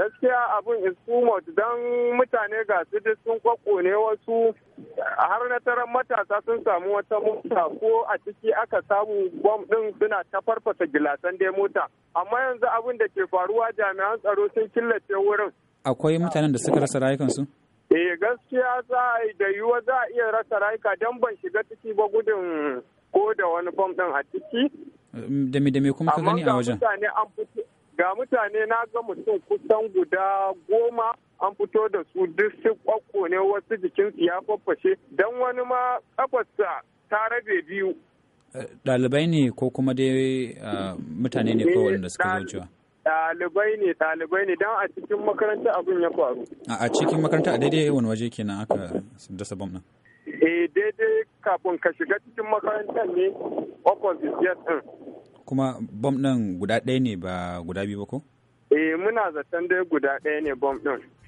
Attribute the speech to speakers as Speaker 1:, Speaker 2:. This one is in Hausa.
Speaker 1: gaskiya abin is too much don mutane ga su duk sun ne wasu har na taron matasa sun samu wata mota ko a ciki aka samu bom din suna ta farfasa gilasan dai mota amma yanzu abin da ke faruwa jami'an tsaro sun killace wurin
Speaker 2: akwai mutanen da suka rasa rayukansu
Speaker 1: eh gaskiya za a yi da yiwuwa za a iya rasa rayuka don ban shiga ciki ba gudun ko da wani bom din a ciki
Speaker 3: da me da me kuma ka gani a wajen
Speaker 1: mutane an fito ga mutane na ga mutum kusan guda goma an fito da su duk su kwakko ne wasu jikinsu ya faffashe don wani ma kafarsa ta rabe biyu
Speaker 4: eh, ɗalibai ne ko kuma dai ah, mutane ne ko wanda suka zo eh, cewa
Speaker 1: ɗalibai ne ɗalibai ne don a cikin makaranta abin ya faru a cikin makaranta a daidai
Speaker 5: wani waje kenan aka dasa bam nan
Speaker 1: eh daidai kafin ka shiga cikin makarantar ne ofis yes din
Speaker 4: kuma bom ɗin guda ɗaya ne ba guda biyu ba ko?
Speaker 1: Eh muna zaton dai guda ɗaya ne bom ɗin.